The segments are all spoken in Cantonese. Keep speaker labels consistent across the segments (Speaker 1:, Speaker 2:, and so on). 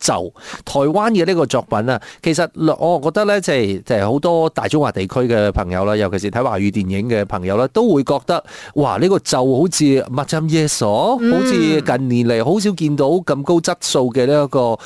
Speaker 1: 就台灣嘅呢個作品啊，其實我覺得咧，即係即係好多大中華地區嘅朋友啦，尤其是睇華語電影嘅朋友咧，都會覺得哇！呢個就好似《密針耶索》，好似近年嚟好少見到咁高質素嘅呢一個誒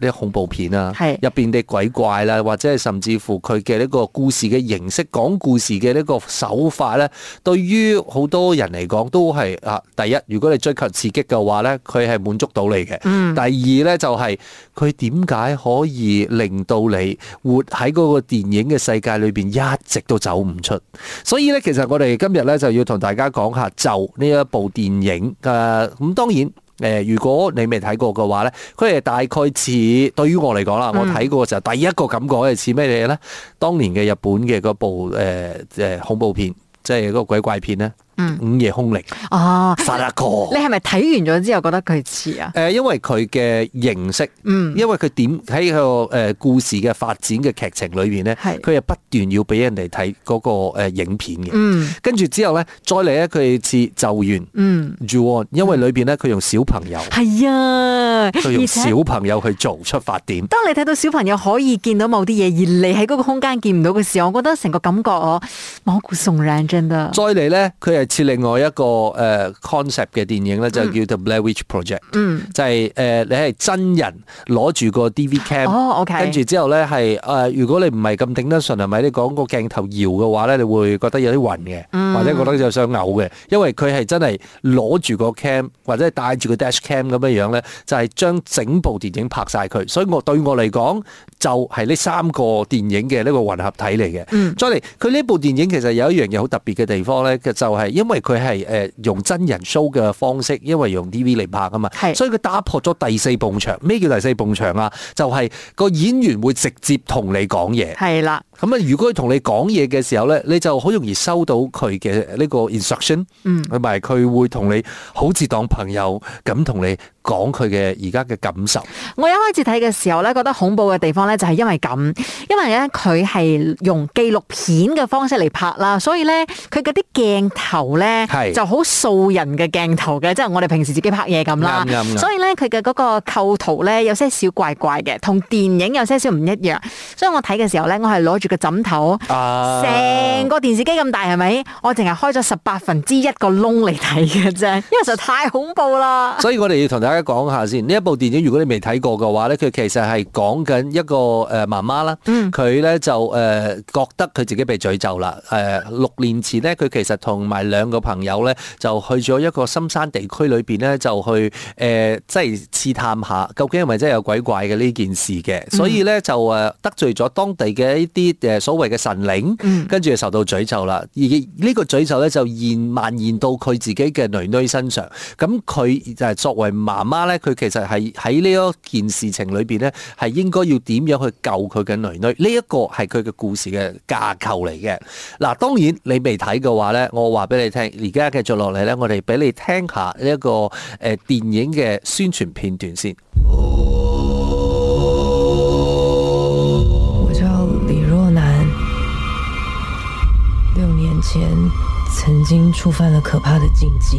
Speaker 1: 呢恐怖片啊，入邊啲鬼怪啦，或者係甚至乎佢嘅呢個故事嘅形式、講故事嘅呢個手法咧，對於好多人嚟講都係啊，第一，如果你追求刺激嘅話咧，佢係滿足到你嘅；第二咧就。係佢點解可以令到你活喺嗰個電影嘅世界裏邊一直都走唔出？所以咧，其實我哋今日咧就要同大家講下咒呢一部電影嘅咁、呃。當然，誒、呃，如果你未睇過嘅話咧，佢係大概似對於我嚟講啦，我睇過嘅時候第一個感覺係似咩嘢咧？當年嘅日本嘅嗰部誒誒、呃、恐怖片，即係嗰個鬼怪片咧。午夜凶鈴哦，下一個，你
Speaker 2: 係咪睇完咗之後覺得佢似啊？
Speaker 1: 誒，因為佢嘅形式，嗯，因為佢點喺個誒故事嘅發展嘅劇情裏邊咧，係佢係不斷要俾人哋睇嗰個誒影片嘅，嗯，跟住之後咧，再嚟咧佢似咒怨，嗯，咒怨，因為裏邊咧佢用小朋友，係
Speaker 2: 啊，佢用小
Speaker 1: 朋友去做出發點。
Speaker 2: 當你睇到小朋友可以見到某啲嘢，而你喺嗰個空間見唔到嘅時候，我覺得成個感覺哦，冇鬆 r a n g 啊！再嚟咧，
Speaker 1: 佢係。係設另外一個誒 concept 嘅電影咧，就叫做 Blair Witch Project，就係誒你係真人攞住個 DV cam，跟住之後咧係誒，如果你唔係咁頂得順，係咪你講個鏡頭搖嘅話咧，你會覺得有啲暈嘅，或者覺得有啲想嘔嘅？因為佢係真係攞住個 cam 或者帶住個 dash cam 咁樣樣咧，就係將整部電影拍曬佢。所以我對我嚟講，就係呢三個電影嘅呢個混合體嚟嘅。再嚟，佢呢部電影其實有一樣嘢好特別嘅地方咧，嘅就係。因為佢係用真人 show 嘅方式，因為用 DV 嚟拍啊嘛，所以佢打破咗第四面牆。咩叫第四面牆啊？就係、是、個演員會直接同你講嘢。係啦，咁啊，如果佢同你講嘢嘅時候咧，你就好容易收到佢嘅呢個 instruction。嗯，同埋佢會同你好似當朋友咁同你。講佢嘅而家嘅感受。
Speaker 2: 我一開始睇嘅時候呢，覺得恐怖嘅地方呢，就係因為咁，因為呢，佢係用紀錄片嘅方式嚟拍啦，所以呢，佢嗰啲鏡頭呢就好素人嘅鏡頭嘅，即係我哋平時自己拍嘢咁啦。所以呢，佢嘅嗰個構圖呢，有些少怪怪嘅，同電影有些少唔一樣。所以我睇嘅時候呢，我係攞住個枕頭，
Speaker 1: 成、
Speaker 2: 啊、個電視機咁大，係咪？我淨係開咗十八分之一個窿嚟睇嘅啫，因為實在太恐怖啦。
Speaker 1: 所以我哋要同大家。大家講下先，呢一部電影如果你未睇過嘅話咧，佢其實係講緊一個誒媽媽啦，佢、嗯、咧就誒覺得佢自己被詛咒啦。誒、呃、六年前咧，佢其實同埋兩個朋友咧就去咗一個深山地區裏邊咧，就去誒即係刺探一下究竟係咪真係有鬼怪嘅呢件事嘅。所以咧就誒得罪咗當地嘅一啲誒所謂嘅神靈，跟、嗯、住就受到詛咒啦。而呢個詛咒咧就延蔓延到佢自己嘅囡囡身上。咁佢就係作為媽媽咧，佢其實係喺呢一件事情裏邊呢，係應該要點樣去救佢嘅女女。呢一個係佢嘅故事嘅架構嚟嘅。嗱，當然你未睇嘅話呢，我話俾你聽，而家繼續落嚟呢，我哋俾你聽下呢一個誒電影嘅宣傳片段先。我叫李若男，六年前曾經觸犯了可怕的禁忌。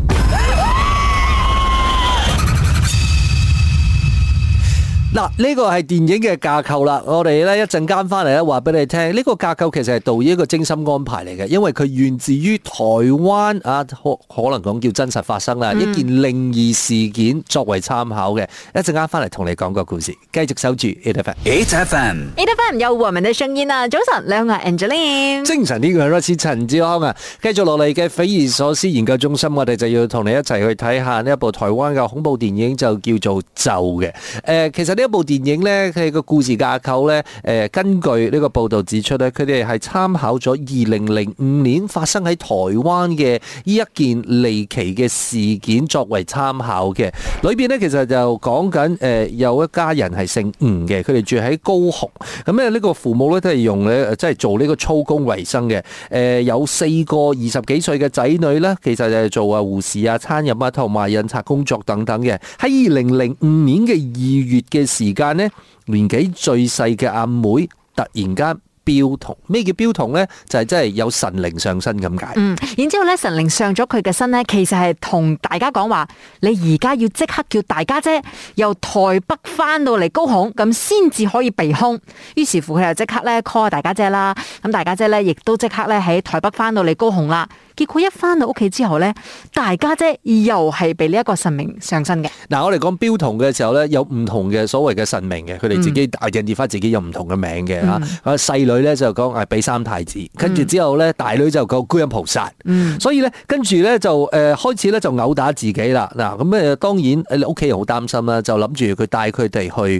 Speaker 1: 呢、啊，這個係電影嘅架構啦，我哋咧一陣間翻嚟咧話俾你聽，呢、這個架構其實係導演一個精心安排嚟嘅，因為佢源自於台灣啊，可，可能講叫真實發生啦、嗯，一件靈異事件作為參考嘅。一陣間翻嚟同你講個故事，繼續守住 eight FM，eight FM，eight
Speaker 2: FM 有和民嘅聲音啊！早晨，兩位 Angelina，精神啲
Speaker 1: 嘅律師陳志康啊，繼續落嚟嘅匪夷所思研究中心，我哋就要同你一齊去睇下呢一部台灣嘅恐怖電影，就叫做《咒》嘅。誒、呃，其實呢這部電影咧，佢個故事架構咧，誒，根據呢個報道指出咧，佢哋係參考咗二零零五年發生喺台灣嘅呢一件離奇嘅事件作為參考嘅。裏邊咧，其實就講緊誒，有一家人係姓吳嘅，佢哋住喺高雄。咁咧呢個父母咧都係用咧，即係做呢個粗工為生嘅。誒，有四個二十幾歲嘅仔女咧，其實就係做啊護士啊、餐飲啊同埋印刷工作等等嘅。喺二零零五年嘅二月嘅。時間呢，年紀最細嘅阿妹突然間標童，咩叫標童呢？就係真係有神靈上身咁解。
Speaker 2: 嗯，然之後咧，神靈上咗佢嘅身咧，其實係同大家講話，你而家要即刻叫大家姐由台北翻到嚟高雄，咁先至可以避空。於是乎佢又即刻咧 call 大家姐啦，咁大家姐咧亦都即刻咧喺台北翻到嚟高雄啦。結果一翻到屋企之後咧，大家姐又係被呢一個神明上身嘅。
Speaker 1: 嗱、嗯，我哋講標童嘅時候咧，有唔同嘅所謂嘅神明嘅，佢哋自己大認認翻自己有唔同嘅名嘅吓，細、嗯啊、女咧就講係俾三太子，跟住之後咧，大女就講觀音菩薩，嗯，所以咧，跟住咧就誒、呃、開始咧就毆打自己啦。嗱，咁誒當然誒屋企人好擔心啦，就諗住佢帶佢哋去誒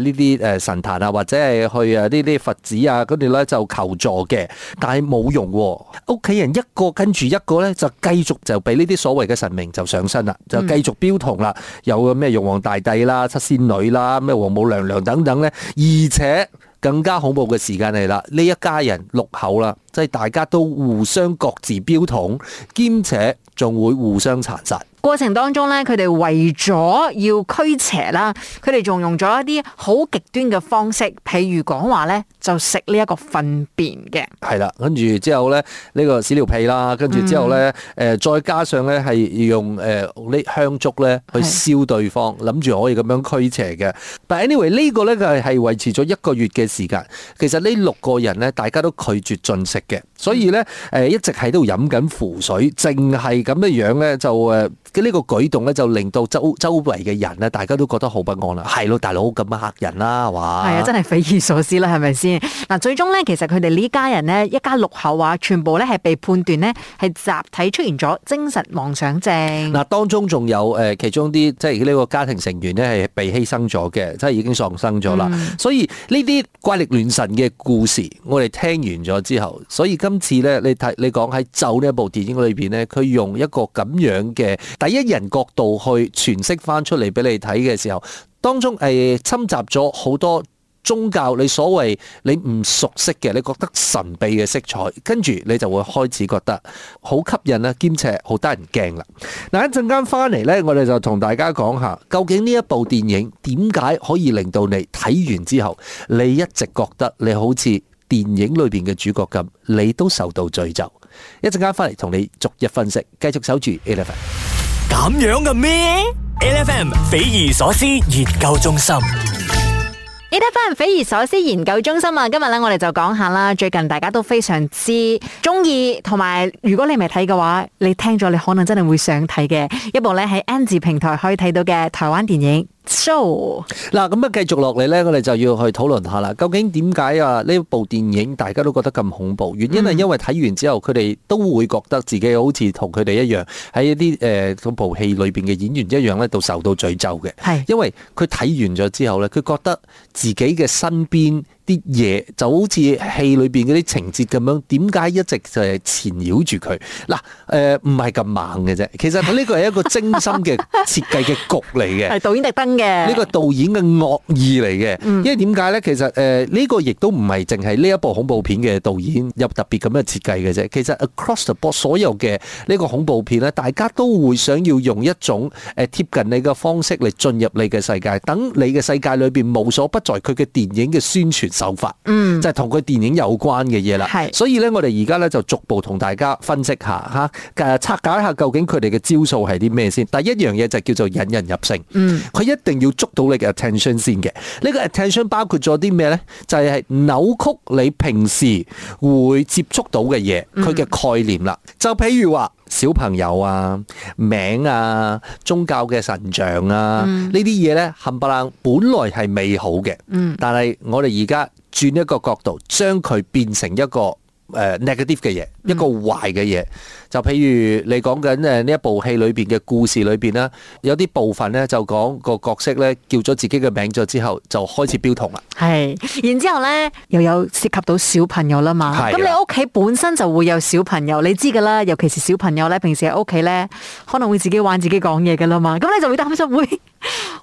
Speaker 1: 呢啲誒神壇啊，或者係去啊呢啲佛寺啊，跟住咧就求助嘅。但係冇用屋、啊、企人一個跟住。住一個咧，就繼續就俾呢啲所謂嘅神明就上身啦，就繼續標同啦，有個咩玉皇大帝啦、七仙女啦、咩王母娘娘等等咧，而且更加恐怖嘅時間嚟啦，呢一家人六口啦，即係大家都互相各自標同，兼且仲會互相殘殺。
Speaker 2: 過程當中咧，佢哋為咗要驅邪啦，佢哋仲用咗一啲好極端嘅方式，譬如講話咧就食呢一個糞便嘅。
Speaker 1: 係啦，跟住之後咧呢、呢個屎尿屁啦，跟住之後咧誒、嗯呃，再加上咧係用誒、呃、呢香燭咧去燒對方，諗住可以咁樣驅邪嘅。但係 anyway 呢個呢個咧，佢係維持咗一個月嘅時間。其實呢六個人咧，大家都拒絕進食嘅，所以咧誒、呃、一直喺度飲緊符水，淨係咁樣樣咧就誒。呃嘅、這、呢個舉動咧，就令到周周圍嘅人咧，大家都覺得好不安啦。係咯，大佬咁嚇人啦，係嘛？係啊，真係
Speaker 2: 匪夷所思啦，係咪先？嗱，最終咧，其實佢哋呢家人呢，一家六口話，全部咧係被判斷呢係集體出現咗精神妄想症。嗱，當
Speaker 1: 中仲有其中啲即係呢個家庭成員呢，係被犧牲咗嘅，即係已經喪生咗啦、嗯。所以呢啲怪力亂神嘅故事，我哋聽完咗之後，所以今次咧，你睇你講喺《咒》呢一部電影裏面呢，佢用一個咁樣嘅。第一人角度去詮釋翻出嚟俾你睇嘅時候，當中係侵襲咗好多宗教。你所謂你唔熟悉嘅，你覺得神秘嘅色彩，跟住你就會開始覺得好吸引啦，兼且好得人驚啦。嗱，一陣間翻嚟呢，我哋就同大家講下究竟呢一部電影點解可以令到你睇完之後，你一直覺得你好似電影裏邊嘅主角咁，你都受到詛咒。一陣間翻嚟同你逐一分析，繼續守住 Eleven。咁樣嘅咩？L F M 匪夷所思研究中心
Speaker 2: ，L F M 匪夷所思研究中心啊！今日咧我哋就講下啦，最近大家都非常之中意，同埋如果你未睇嘅話，你聽咗，你可能真係會想睇嘅一部咧，喺 N 字平台可以睇到嘅台灣電影。show
Speaker 1: 嗱，咁啊，繼續落嚟呢，我哋就要去討論下啦。究竟點解啊？呢部電影大家都覺得咁恐怖，原因係因為睇完之後，嗯、佢哋都會覺得自己好似同佢哋一樣，喺一啲誒，呃、嗰部戲裏邊嘅演員一樣呢度受到詛咒嘅。係，因為佢睇完咗之後呢，佢覺得自己嘅身邊。啲嘢就好似戲裏邊嗰啲情節咁樣，點解一直就係纏繞住佢？嗱，誒唔係咁猛嘅啫，其實佢呢個係一個精心嘅設計嘅局嚟嘅，係
Speaker 2: 導演特登嘅呢個
Speaker 1: 導演嘅惡意嚟嘅。因為點解咧？其實誒呢個亦都唔係淨係呢一部恐怖片嘅導演有特別咁樣設計嘅啫。其實 Across the Board 所有嘅呢個恐怖片咧，大家都會想要用一種誒貼近你嘅方式嚟進入你嘅世界，等你嘅世界裏邊無所不在佢嘅電影嘅宣傳手法，嗯，就係同佢電影有關嘅嘢啦，係，所以咧，我哋而家咧就逐步同大家分析下，吓，誒，拆解一下究竟佢哋嘅招數係啲咩先。第一樣嘢就叫做引人入勝，嗯，佢一定要捉到你嘅 attention 先嘅。呢個 attention 包括咗啲咩咧？就係扭曲你平時會接觸到嘅嘢，佢嘅概念啦。就譬如話，小朋友啊，名啊，宗教嘅神像啊，嗯、這些東西呢啲嘢咧，冚唪唥本來係美好嘅，嗯，但係我哋而家轉一個角度，將佢變成一個誒、呃、negative 嘅嘢，一個壞嘅嘢，就譬如你講緊呢一部戲裏面嘅故事裏面啦，有啲部分咧就講個角色咧叫咗自己嘅名咗之後，就開始標
Speaker 2: 同啦。係，然之後咧又有涉及到小朋友啦嘛。咁你屋企本身就會有小朋友，你知㗎啦。尤其是小朋友咧，平時喺屋企咧，可能會自己玩自己講嘢㗎啦嘛。咁你就會擔心會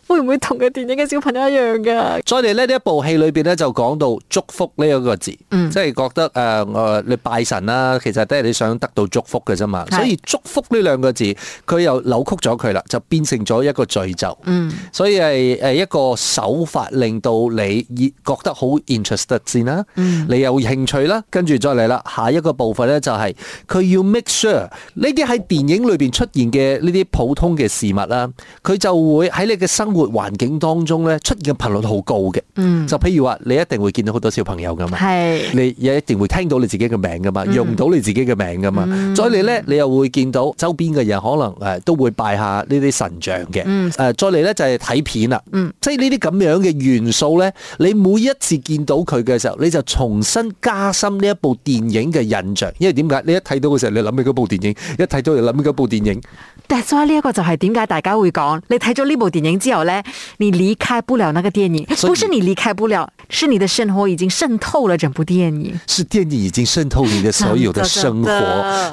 Speaker 2: 會唔會同個電影嘅小朋友一樣㗎。再嚟呢，呢
Speaker 1: 一部戲裏面咧就講到祝福呢一個字，嗯、即係覺得、呃、你拜神啦。其實都係你想得到祝福嘅啫嘛，所以祝福呢兩個字，佢又扭曲咗佢啦，就變成咗一個詛咒。嗯，所以係誒一個手法，令到你覺得好 interested 先啦，嗯，你有興趣啦，跟住再嚟啦，下一個部分咧就係佢要 make sure 呢啲喺電影裏邊出現嘅呢啲普通嘅事物啦，佢就會喺你嘅生活環境當中咧出現嘅頻率好高嘅。嗯，就譬如話你一定會見到好多小朋友噶嘛，係，你也一定會聽到你自己嘅名噶嘛，用到你。自己嘅名㗎嘛？嗯、再嚟咧，你又會見到周邊嘅人可能誒、呃、都會拜下呢啲神像嘅。誒、嗯呃，再嚟咧就係、是、睇片啦、嗯。即係呢啲咁樣嘅元素咧，你每一次見到佢嘅時候，你就重新加深呢一部電影嘅印象。因為點解？你一睇到嘅時候，你諗起嗰部電影；一睇到就諗起嗰部電影。
Speaker 2: 但係所以呢一個就係點解大家會講，你睇咗呢部電影之後咧，你離開不了那個電影。不是你離開不了，是你的生活已經滲透了整部電影。
Speaker 1: 是電影已經滲透你的所有。的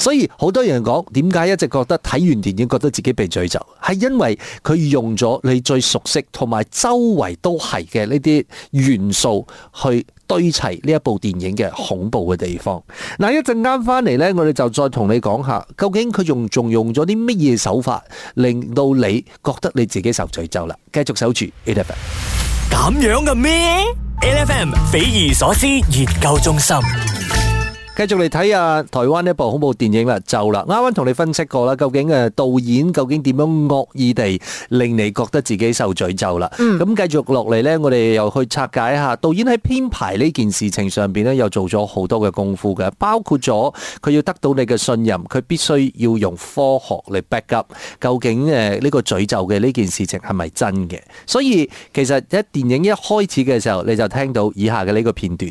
Speaker 1: 所以好多人講，點解一直覺得睇完電影覺得自己被詛咒，係因為佢用咗你最熟悉同埋周圍都係嘅呢啲元素去堆砌呢一部電影嘅恐怖嘅地方。嗱，一陣間翻嚟呢，我哋就再同你講下，究竟佢用仲用咗啲乜嘢手法，令到你覺得你自己受詛咒啦。繼續守住，A m 咁樣嘅咩？
Speaker 2: L F M，匪夷所思研究中心。
Speaker 1: 繼續嚟睇下台灣一部恐怖電影啦，咒啦，啱啱同你分析過啦，究竟誒導演究竟點樣惡意地令你覺得自己受詛咒啦？咁、嗯、繼續落嚟呢，我哋又去拆解一下導演喺編排呢件事情上邊呢，又做咗好多嘅功夫嘅，包括咗佢要得到你嘅信任，佢必須要用科學嚟 back up，究竟誒呢個詛咒嘅呢件事情係咪真嘅？所以其實喺電影一開始嘅時候，你就聽到以下嘅呢個片段。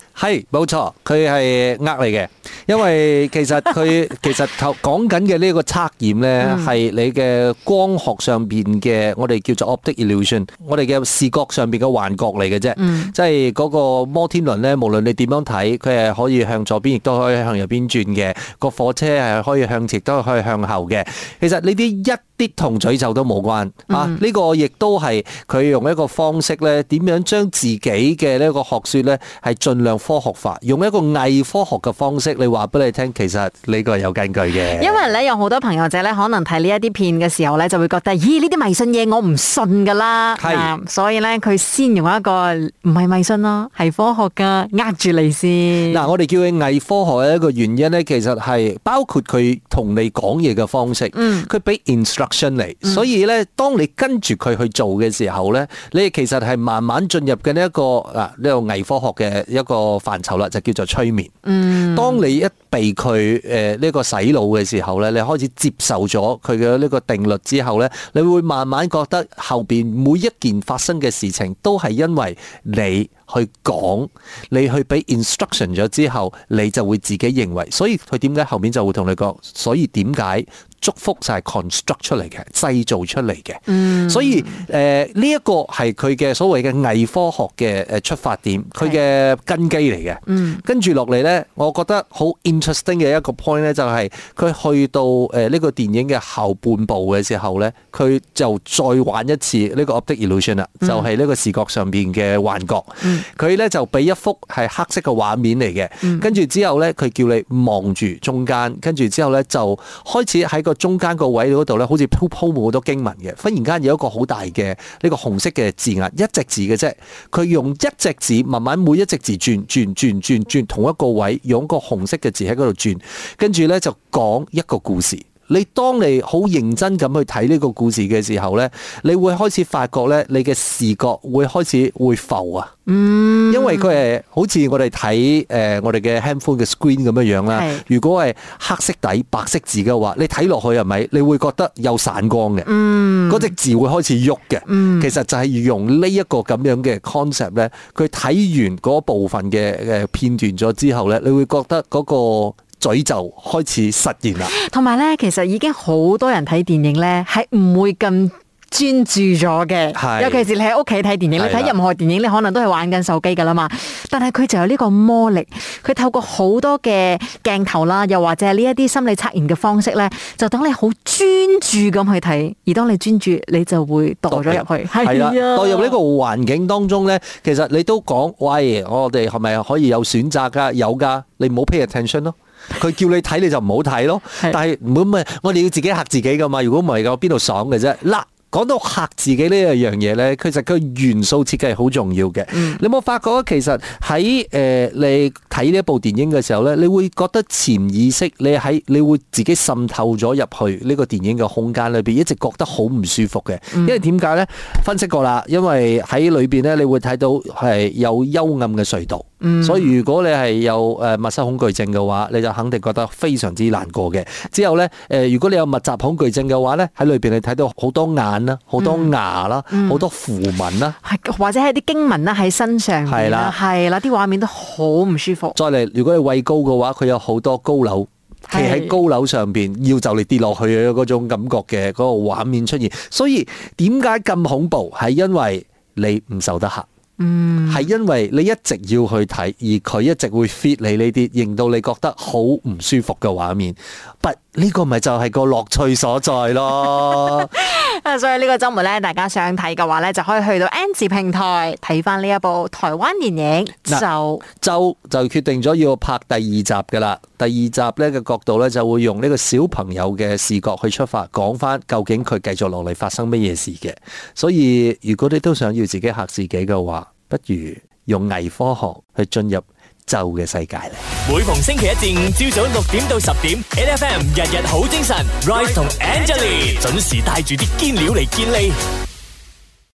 Speaker 1: 係冇錯，佢係呃你嘅。 因為其實佢其實頭講緊嘅呢個測驗咧，係 你嘅光學上邊嘅，我哋叫做 optical illusion，我哋嘅視覺上邊嘅幻覺嚟嘅啫。即 係嗰個摩天輪咧，無論你點樣睇，佢係可以向左邊，亦都可以向右邊轉嘅。個 火車係可以向前，都可以向後嘅。其實呢啲一啲同詛咒都冇關啊！呢 個亦都係佢用一個方式咧，點樣將自己嘅呢個學說咧，係盡量科學化，用一個偽科學嘅方式。你話俾你聽，其實呢個係有根據嘅。因
Speaker 2: 為咧，有好多朋友仔咧，可能睇呢一啲片嘅時候咧，就會覺得，咦？呢啲迷信嘢我唔信噶啦。係，所以咧，佢先用一個唔係迷信咯，係科學嘅，呃住你先。嗱，我哋叫佢偽科學嘅一個
Speaker 1: 原因咧，其實係包括佢同你講嘢嘅方式。嗯。佢俾 instruction 嚟，所以咧，當你跟住佢去做嘅時候咧，你其實係慢慢進入嘅呢一個嗱呢個偽科學嘅一個範疇啦，就叫做催眠。嗯。當你你一被佢誒呢個洗腦嘅時候咧，你開始接受咗佢嘅呢個定律之後咧，你會慢慢覺得後邊每一件發生嘅事情都係因為你去講，你去俾 instruction 咗之後，你就會自己認為，所以佢點解後面就會同你講？所以點解？祝福就係 construct 出嚟嘅，製造出嚟嘅。嗯，所以誒呢一個係佢嘅所謂嘅偽科學嘅誒出發點，佢嘅根基嚟嘅。嗯，跟住落嚟咧，我覺得好 interesting 嘅一個 point 咧，就是，就係佢去到誒呢個電影嘅後半部嘅時候咧，佢就再玩一次呢個 optical illusion 啦，就係、是、呢個視覺上邊嘅幻覺，嗯，佢咧就俾一幅係黑色嘅畫面嚟嘅。嗯，跟住之後咧，佢叫你望住中間，跟住之後咧就開始喺個。中間個位嗰度咧，好似鋪鋪滿好多經文嘅，忽然間有一個好大嘅呢個紅色嘅字眼，一隻字嘅啫，佢用一隻字，慢慢每一隻字轉轉轉轉轉同一個位，用個紅色嘅字喺嗰度轉，跟住咧就講一個故事。你當你好認真咁去睇呢個故事嘅時候呢，你會開始發覺呢，你嘅視覺會開始會浮啊。嗯。因為佢係好似我哋睇誒我哋嘅 handphone 嘅 screen 咁樣樣啦。係。如果係黑色底白色字嘅話，你睇落去係咪你會覺得有散光嘅？嗯。嗰隻字會開始喐嘅。其實就係用呢一個咁樣嘅 concept 呢，佢睇完嗰部分嘅誒片段咗之後呢，你會覺得嗰個。咒就開始實現啦，
Speaker 2: 同埋咧，其實已經好多人睇電影咧，係唔會咁專注咗嘅。尤其是你喺屋企睇電影，你睇任何電影，你可能都係玩緊手機噶啦嘛。但係佢就有呢個魔力，佢透過好多嘅鏡頭啦，又或者係呢一啲心理測驗嘅方式咧，就等你好專注咁去睇。而當你專注，你就會墮咗入去。係呀，墮入
Speaker 1: 呢個環境當中咧，其實你都講，喂，我哋係咪可以有選擇噶？有噶，你唔好 pay attention 咯。佢 叫你睇，你就唔好睇咯， 但係唔好咪我哋要自己吓自己噶嘛？如果唔係嘅我邊度爽嘅啫，講到吓自己呢一樣嘢呢，其實佢元素設計係好重要嘅，嗯。你冇發覺其實喺誒、呃、你睇呢一部電影嘅時候呢，你會覺得潛意識你喺你會自己滲透咗入去呢個電影嘅空間裏邊，一直覺得好唔舒服嘅，嗯。因為點解呢？分析過啦，因為喺裏邊呢，你會睇到係有幽暗嘅隧道，嗯，所以如果你係有誒密室恐懼症嘅話，你就肯定覺得非常之難過嘅。之後呢，誒、呃、如果你有密集恐懼症嘅話呢，喺裏邊你睇到好多眼。好多牙啦，好、嗯、多符文啦，
Speaker 2: 或者係啲經文啦喺身上，係啦，係啦，啲畫面都好唔舒服。
Speaker 1: 再嚟，如果係畏高嘅話，佢有好多高樓，企喺高樓上邊，要就你跌落去嘅嗰種感覺嘅嗰、嗰個畫面出現。所以點解咁恐怖？係因為你唔受得吓，係、嗯、因為你一直要去睇，而佢一直會 fit 你呢啲，令到你覺得好唔舒服嘅畫面。不，呢個咪就係個樂趣所在咯。
Speaker 2: 所以呢個周末咧，大家想睇嘅話咧，就可以去到 N 字平台睇翻呢一部台灣電影就。
Speaker 1: Now, 就就決定咗要拍第二集噶啦。第二集呢個角度咧，就會用呢個小朋友嘅視角去出發，講翻究竟佢繼續落嚟發生乜嘢事嘅。所以如果你都想要自己嚇自己嘅話，不如用偽科學去進入。嘅世界咧，每逢星期一至五朝
Speaker 2: 早六點到十點，N F M 日日好精神，Rice 同 Angelie 準時帶住啲堅料嚟堅利。